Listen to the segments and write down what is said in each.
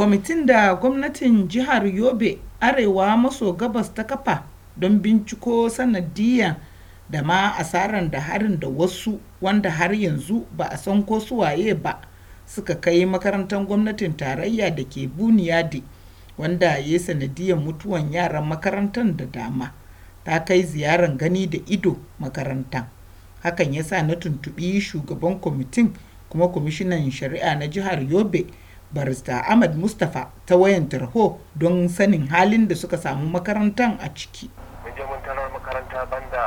Kwamitin da gwamnatin Jihar Yobe Arewa maso Gabas ta kafa don binciko sanadiyan da ma asarar da harin da wasu, wanda har yanzu ba a san ko su waye ba, suka kai makarantar gwamnatin tarayya da ke buniyadi wanda ya yi sanadiyan mutuwan yaran makarantar da dama, ta kai ziyarar gani da ido makarantar. Hakan ya sa na tuntuɓi shugaban kwamitin kuma kwamishinan shari'a na Jihar Yobe. barista ahmad mustapha ta wayan tarho don sanin halin da suka samu makarantar a ciki je mun makaranta banda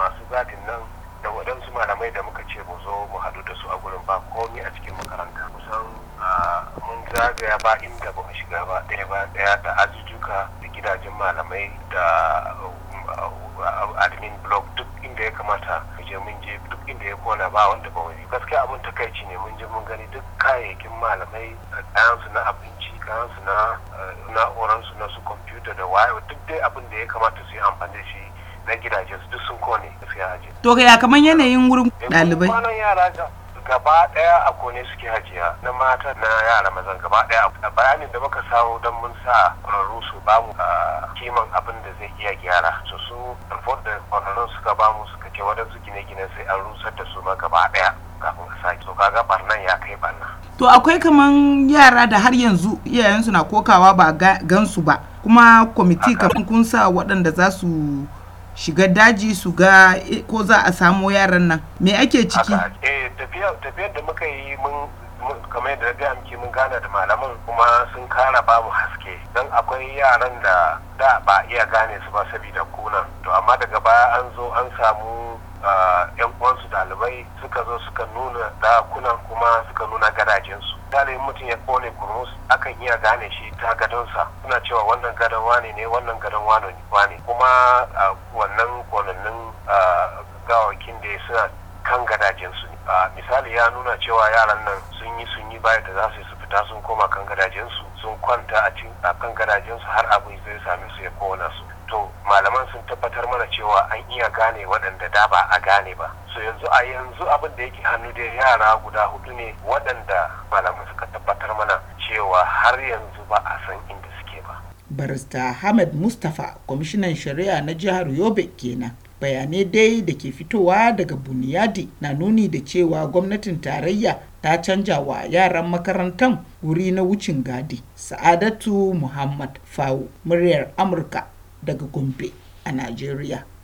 masu gadin nan da waɗansu malamai da muka ce mu zo mu haɗu da su a gurin ba komi a cikin makaranta kusan mun zagaya ba inda ba mu shiga ba ɗaya ba ɗaya da ajujuka da gidajen malamai da admin blog duk inda ya kamata je mun je duk inda ya kona ba wanda ba wani gaskiya abin takaici ne mun je mun gani duk kayayyakin malamai kayansu na abinci kayansu na eh, su na su kwamfuta da wayo duk dai abin da ya kamata su yi amfani da shi na gidaje su duk sun kone gaskiya aje to ya kaman yanayin wurin eh, ɗalibai gaba daya a kone suke hajiya na mata na yara mazan gaba daya a bayanin da muka samu don mun sa kwararru su ba mu ah, kiman abin da zai iya gyara su su da kwararrun suka ba mu suka ce wadansu gine-gine sai an rusar da su ma gaba daya kafin a sake to kaga barnan ya kai barna to akwai kaman yara da har yanzu iyayensu na kokawa ba gansu ba kuma kwamiti kafin kun sa waɗanda za su shiga daji su ga eh, ko za a samo yaran nan me ake ciki eh, tafiyar da muka yi mun kamar yadda na gaya miki mun gane da malaman kuma sun kara ba mu haske don akwai yaran da da ba iya gane su ba saboda kuna to amma daga baya an zo an samu yan uwansu dalibai suka zo suka nuna dakunan kuma suka nuna gadajensu dalibin mutum ya kone kurmus akan iya gane shi ta gadonsa suna cewa wannan gadon wane ne wannan gadon wane ne kuma wannan konannin gawakin da ya suna kan gadajensu a misali ya nuna cewa yaran nan sun yi sun yi baya da za su yi su fita sun koma kan gadajensu sun kwanta a kan gadajensu har abin zai same su ya kona su to malaman sun tabbatar mana cewa an iya gane waɗanda da ba a gane ba so yanzu a yanzu abin da yake hannu da yara guda hudu ne waɗanda malaman suka tabbatar mana cewa har yanzu ba a san inda suke ba barista hamad mustapha kwamishinan shari'a na jihar yobe kenan bayanai dai da ke fitowa daga buniyadi na nuni da cewa gwamnatin tarayya ta canja wa yaran makarantan wuri na wucin gadi sa'adatu muhammad fawo muryar amurka daga gombe a najeriya